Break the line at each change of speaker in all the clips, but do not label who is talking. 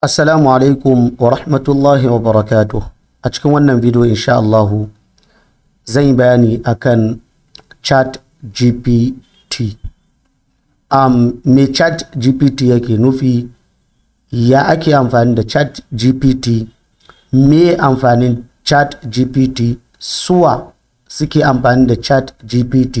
Assalamu alaikum wa rahmatullahi wa barakatuh. A cikin wannan bidiyo insha Allahu zan yi bayani akan chat GPT. Um, me chat GPT yake nufi ya ake amfani da chat GPT me amfanin chat GPT suwa suke amfani da chat GPT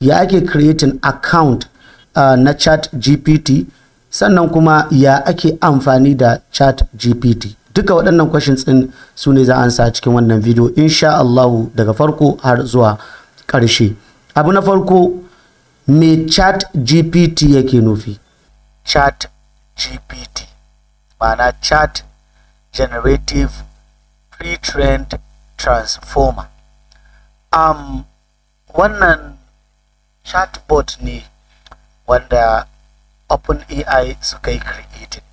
ya ake creating account uh, na chat GPT sannan kuma ya ake amfani da chat gpt duka waɗannan questions ɗin su ne za a ansa cikin wannan video insha Allah daga farko har zuwa ƙarshe abu na farko me chat gpt yake nufi chat gpt ma'ana chat generative pre-trained transformer um, wannan chatbot ne wanda OpenAI suka yi creating.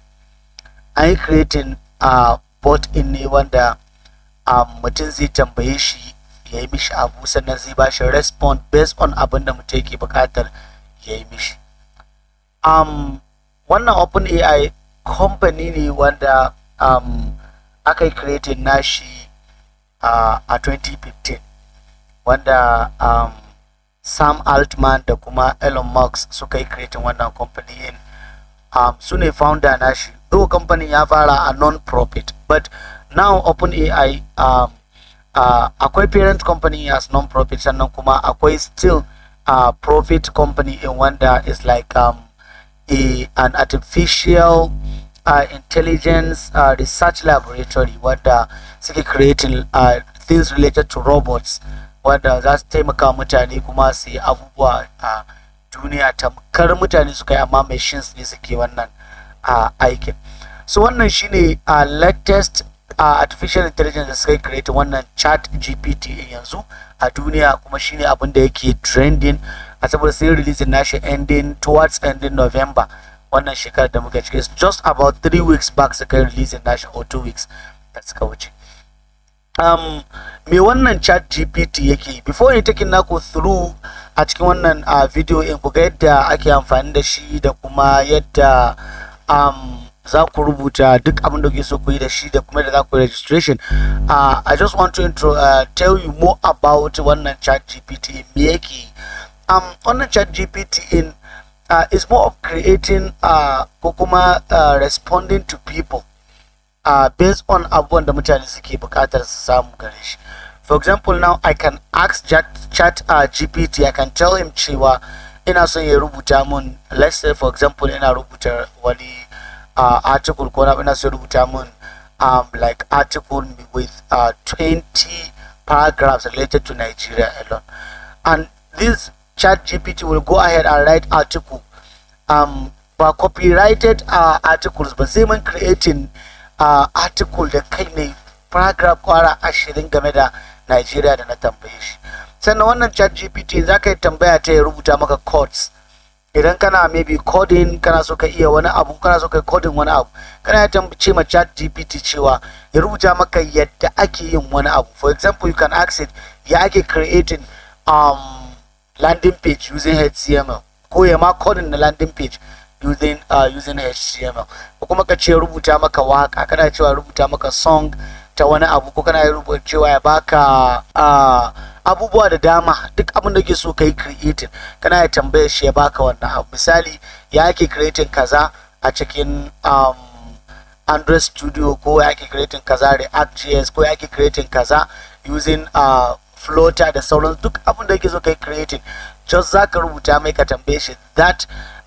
An yi creating a bot in ne wanda mutum zai tambaye shi ya yi mishi abu sannan zai ba shi based on abin da mutum yake bukatar ya yi mishi. Um, wannan OpenAI company ne wanda um, aka yi creating nashi uh, a 2015 wanda um, sam altman da kuma elon musk suka yi creating wannan company in um, su ne founder na shi though kamfanin ya fara a non-profit but now open ai um, uh, akwai parent company as non-profit sannan kuma akwai still uh, profit company in wanda is like um, a, an artificial uh, intelligence uh, research laboratory wanda suke creating uh, things related to robots wanda za su taimaka mutane kuma su yi abubuwa a duniya tamkar mutane suka yi amma machines ne suke wannan aikin so wannan shine a latest a artificial intelligence da suka create wannan chat gpt yanzu a duniya kuma shine abin da yake trending a saboda sai release nashi ending towards ending november wannan shekarar da muka cike just about three weeks back suka release nashi or two weeks da suka wuce um, me wannan chat gpt yake before ni taking naku through a cikin wannan uh, video in ku ga yadda ake amfani da shi da kuma yadda um, za ku rubuta duk abin da kuke so ku yi da shi da kuma da za ku registration uh, i just want to intro, uh, tell you more about wannan chat gpt me yake um, wannan chat gpt in uh, is more of creating uh, ko kuma uh, responding to people uh, based on abubuwan da mutane suke buƙatar su samu gare shi for example now i can ask chat uh, gpt i can tell him cewa ina son ya rubuta mun let's say for example ina rubuta wani uh, article ko na ina son rubuta mun um, like article with uh, 20 paragraphs related to nigeria alone and this chat gpt will go ahead and write article um, ba copyrighted uh, articles but sai creating a article da kai mai paragraph kwara ashirin game da Najeriya da na tambaye shi sannan wannan chat GPT za ka yi tambaya ta ya rubuta maka codes idan kana maybe coding kana so ka iya wani abu kana so ka coding wani abu kana ya tambace ma chat GPT cewa ya rubuta maka yadda ake yin wani abu for example you can ask it ya ake creating um, landing page using HTML ko ya ma coding na landing page using uh, using html ko kuma ka ce rubuta maka waka kana cewa rubuta maka song ta wani abu ko kana rubuta cewa ya baka uh, abubuwa da dama duk abin da ke so ka creating kana ya tambaye shi ya baka wannan abu misali ya ake creating kaza a cikin um, Android Studio ko ya ake creating kaza js ko ya ake creating kaza using uh, Flutter da sauran duk abin da ke so kai creating just zaka rubuta mai ka tambaye shi that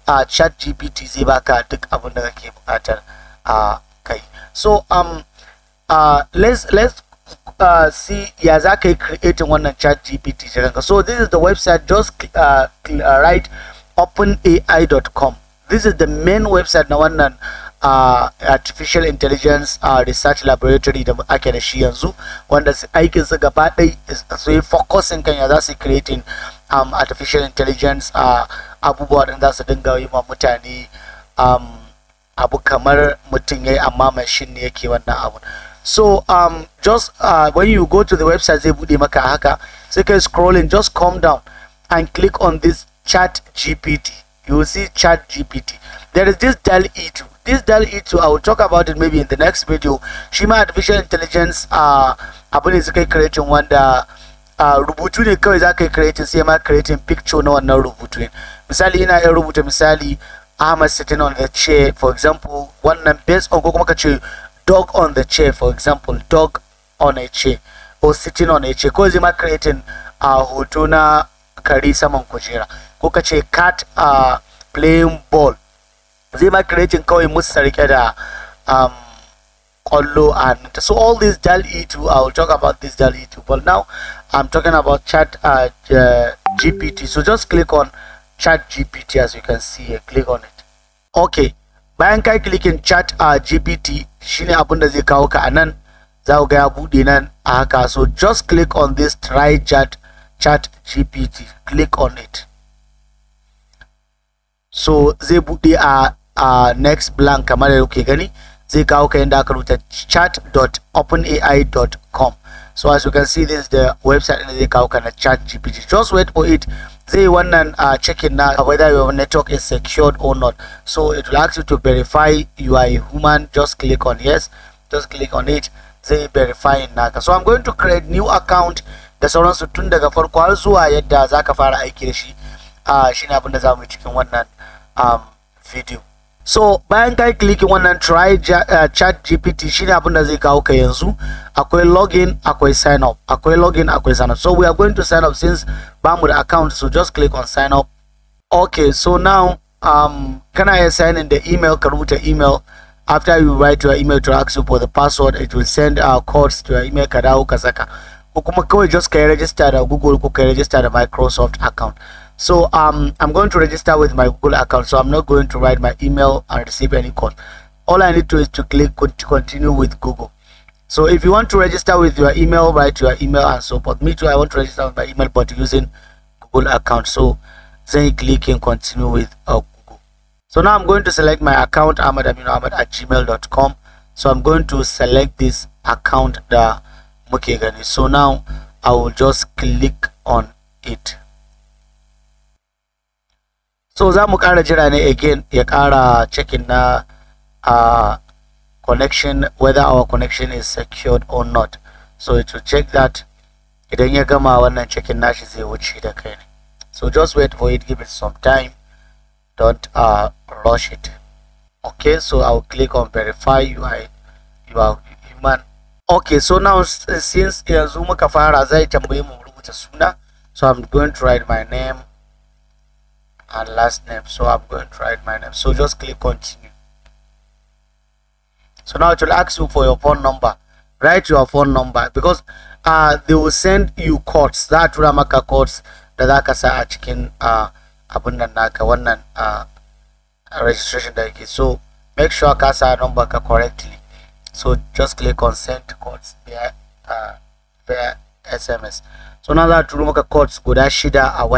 a chat gpt zai baka duk abin da kake bukatar a kai so um uh, let's let's uh, see ya za ka yi creating wannan chat gpt ka so this is the website just uh, uh, write openai.com this is the main website na wannan uh, artificial intelligence uh, research laboratory da ake da shi yanzu wanda aikin su gaba ɗai su yi focusing kan ya za su creating um, artificial intelligence uh, abubuwa din za su dinga yi ma mutane um, abu kamar amma ne yake wannan abu so um, just uh, when you go to the website zai bude maka haka sai scrolling just come down and click on this chat gpt you will see chat gpt there is this dell e2 this dell e2 i will talk about it maybe in the next video shi artificial intelligence uh, abu ne suka yi creating wanda a rubutu ne kawai za ka yi creating sai ma creating picture na wannan rubutu misali ina yin rubuta misali Ahmad sitting on the chair for example wannan based on ko kuma ka ce dog on the chair for example dog on a chair or sitting on a chair ko zai ma creating a hoto na kare saman kujera ko ka ce cat a playing ball zai ma creating kawai musu rike da um, Hello and so all these Dal E2 I'll talk about this Dal E2 but now I'm talking about chat uh, GPT so just click on chat GPT as you can see here click on it okay bayan click in chat uh, GPT shine abin da ka anan za ku so just click on this try chat chat GPT click on it so zai bude a uh, next blank kamar da Zika Ukaenda chat.openai.com. So as you can see, this is the website And Zika Ukaenda chat GPT. Just wait for it. They want to uh, check in now whether your network is secured or not. So it will ask you to verify you are a human. Just click on yes. Just click on it. They verify naka. So I'm going to create new account da sauransu tun daga farko har zuwa yadda zaka fara aiki da shi. Uh, shine abin da zamu yi cikin wannan um, video so bayan ka yi klikin wannan try uh, chat gpt shine abin da zai kawo ka yanzu akwai login akwai sign up akwai login akwai sign up so we are going to sign up since bamu da account so just click on sign up okay so now um kana iya sign in the email ka rubuta email after you write your email to ask you for the password it will send our codes to your email ka dawo ka saka ko kuma just ka yi register da google ko ka yi register da microsoft account so um i'm going to register with my google account so i'm not going to write my email and receive any call all i need to is to click continue with google so if you want to register with your email write your email and so forth me too i want to register with my email but using google account so then click and continue with uh, google so now i'm going to select my account ahmad at gmail.com so i'm going to select this account the so now i will just click on it so Zamu mu jira ne again ya kara checking na uh, connection whether our connection is secured or not so will check that idan ya gama wannan checking nashi zai wuce da kai so just wait for it give it some time don't uh, rush it okay so i'll click on verify ui you are human okay so now since yanzu muka fara zai tambaye mu rubuta suna so i'm going to write my name and last name so i'm going to write my name so just click continue so now it will ask you for your phone number write your phone number because uh they will send you codes that ramaka codes da za sa a uh abin naka uh registration daiki. so make sure kasa number ka correctly so just click on send codes via uh via sms so now that ramaka codes good shida a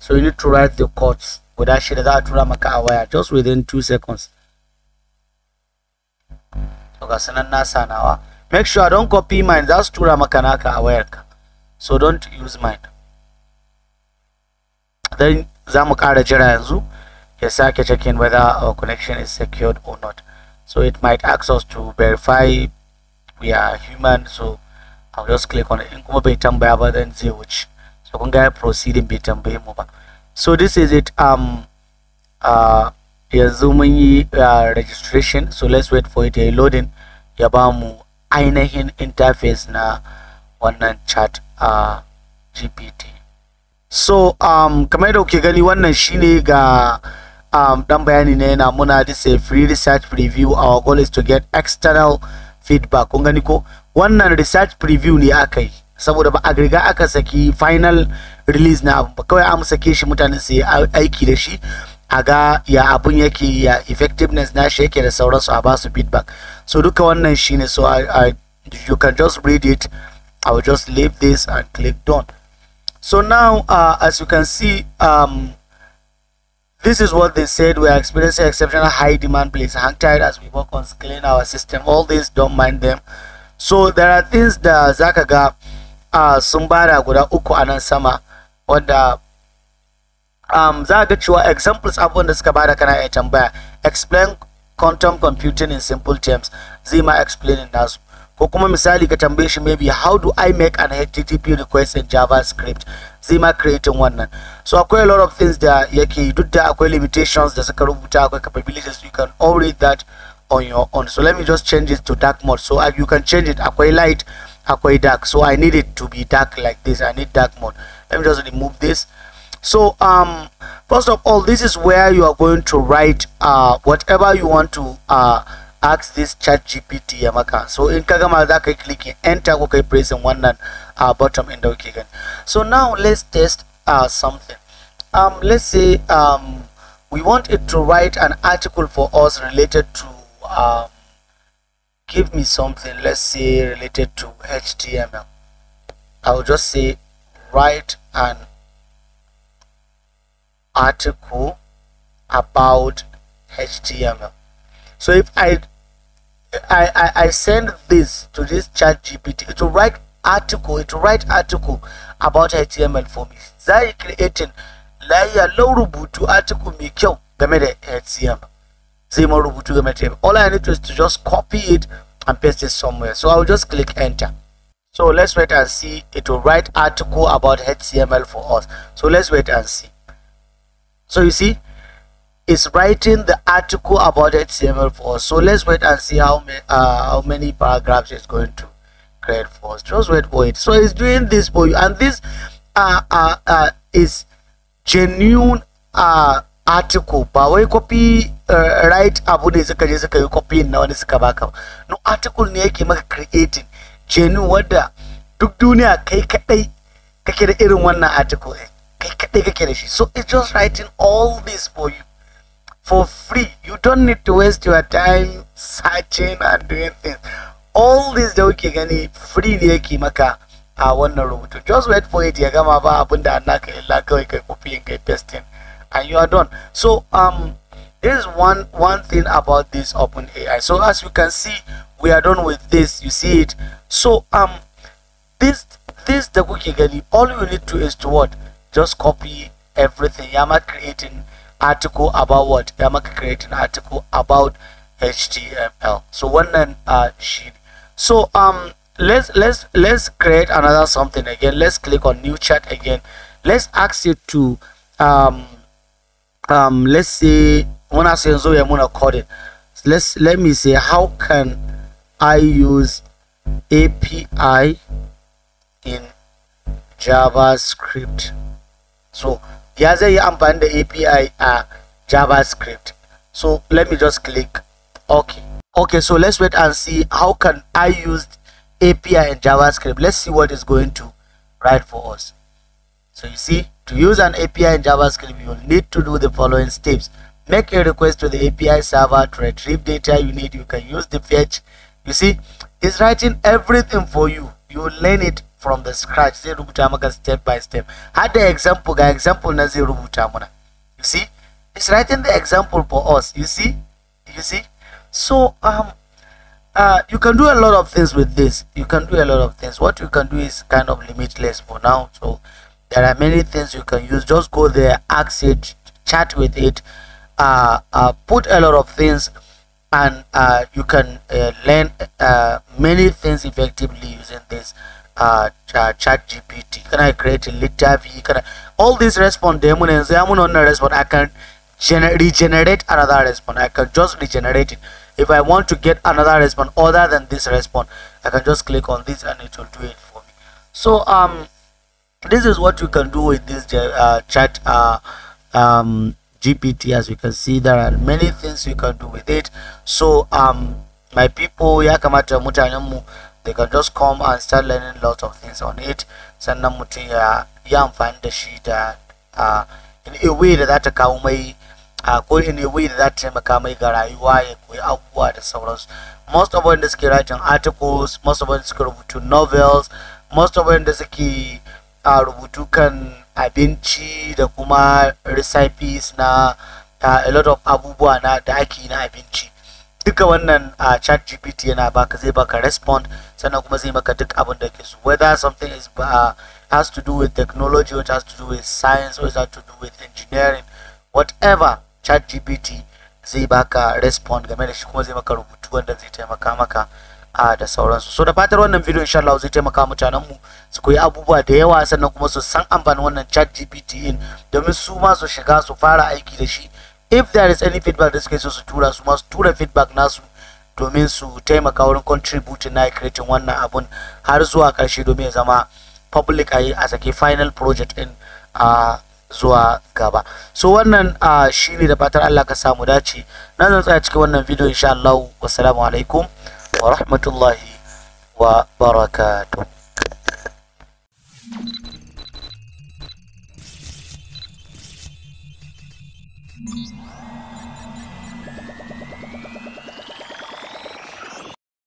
so you need to write the codes with that shit that ramaka wire just within two seconds make sure i don't copy mine that's two ramakanaka wire so don't use mine then zamu kara Yes, I can check in whether our connection is secured or not so it might ask us to verify we are human so i'll just click on it in by bai tambaya ba then to kun ga proceeding bai tambaye mu ba so this is it um uh, yanzu mun yi uh, registration so let's wait for it ya loading ya ba mu ainihin interface na wannan chat uh, gpt so um, kamar da kuke gani wannan shine ga um, dan bayani ne na muna this a free research preview our goal is to get external feedback kun gani ko wannan research preview ne aka yi saboda ba a riga aka saki final release na abu kawai an sake shi mutane su yi aiki da shi a ya abun yake ya effectiveness na shi yake da sauransu a basu feedback so duka wannan shine so I, I, you can just read it I will just leave this and click done so now uh, as you can see um, this is what they said we are experiencing exceptional high demand please hang tight as we work on scaling our system all this don't mind them so there are things that Zakaga uh, sun bada guda uku a nan sama wanda um, za ga cewa examples abubuwan da suka bada kana iya tambaya explain quantum computing in simple terms zai ma explaining nasu ko kuma misali ka tambaye shi maybe how do I make an HTTP request in JavaScript zai ma creating wannan so akwai a lot of things da yake duk da akwai limitations da suka rubuta akwai capabilities you can all read that on your own so let me just change it to dark mode so uh, you can change it akwai light dark so i need it to be dark like this i need dark mode let me just remove this so um first of all this is where you are going to write uh whatever you want to uh ask this chat gpt yamaka so in kagama za click enter press and one wannan uh, bottom inda okay again so now let's test uh something um let's say um we want it to write an article for us related to um give me something let's say related to HTML I'll just say write an article about HTML so if I I, I, send this to this chat GPT will write article It will write article about HTML for me zai creating layer low rubutu article mai kyau game da HTML all I need to is to just copy it and paste it somewhere. So I'll just click enter. So let's wait and see. It will write article about HTML for us. So let's wait and see. So you see, it's writing the article about HTML for us. So let's wait and see how many uh, how many paragraphs it's going to create for us. Just wait for it. So it's doing this for you, and this uh, uh, uh, is genuine uh, article ba wai copy eh, write right abu ne suka je suka yi copy na wani suka baka no article ne yake maka creating jenu wadda duk duniya kai kadai kake da irin wannan article kai kadai kake da shi so it's just writing all this for you for free you don't need to waste your time searching and doing things all this da kuke gani free ne yake maka a wannan rubutu just wait for it ya gama ba abinda annaka illa kawai kai copy kai pasting and you are done so um there's one one thing about this open ai so as you can see we are done with this you see it so um this this the cookie gallery all you need to is to what just copy everything i'm not creating article about what i'm not creating article about html so one then uh sheet so um let's let's let's create another something again let's click on new chat again let's ask it to um um let's say when I say so I'm gonna call it let's let me say how can I use API in JavaScript so ya zai yi amfani da API a JavaScript so let me just click okay okay so let's wait and see how can I use API in JavaScript let's see what is going to write for us so you see to use an API in JavaScript, you will need to do the following steps. Make a request to the API server to retrieve data you need. You can use the fetch. You see, it's writing everything for you. You will learn it from the scratch. Zai rubuta maka step by step. Had the example ga example You see, it's writing the example for us. You see, you see. So um, uh, you can do a lot of things with this. You can do a lot of things. What you can do is kind of limitless for now. So there are many things you can use just go there ask it chat with it uh, uh, put a lot of things and uh, you can uh, learn uh, many things effectively using this uh, chat gpt can i create a v can I, all these respond demon and i'm not respond i can regenerate another response i can just regenerate it if i want to get another response other than this response i can just click on this and it will do it for me so um this is what you can do with this uh, chat uh, um, GPT as you can see there are many things you can do with it so um, my people ya kamata mutanenmu they can just come and start learning lots of things on it sannan mutum ya ya amfani da shi uh, uh, in a way that za ta kawo mai uh, in a way that za gara taimaka mai ga rayuwa most of wanda suke writing articles most of wanda suke to novels most of wanda key. a rubutu kan abinci da kuma recipes na a lot of abubuwa na da ake na abinci duka wannan a chat gpt yana baka zai baka respond sannan kuma zai maka duk abin da ke so whether something is uh, has to do with technology or has to do with science or has to do with engineering whatever chat gpt zai baka respond game da shi kuma zai maka rubutu wanda zai taimaka maka a da sauransu so da fatar wannan video insha Allah zai taimaka mutanen mu su koyi abubuwa da yawa sannan kuma su san amfanin wannan chat GPT in domin su ma su shiga su fara aiki da shi if there is any feedback da suke so su tura su ma su tura feedback nasu domin su taimaka wurin contribute na creating wannan abun har zuwa karshe domin ya zama public a yi a sake final project in a zuwa gaba so wannan shi ne da fatar Allah ka samu dace na zan tsaya cikin wannan video insha Allah wassalamu alaikum wa rahmatullahi wa barakatuh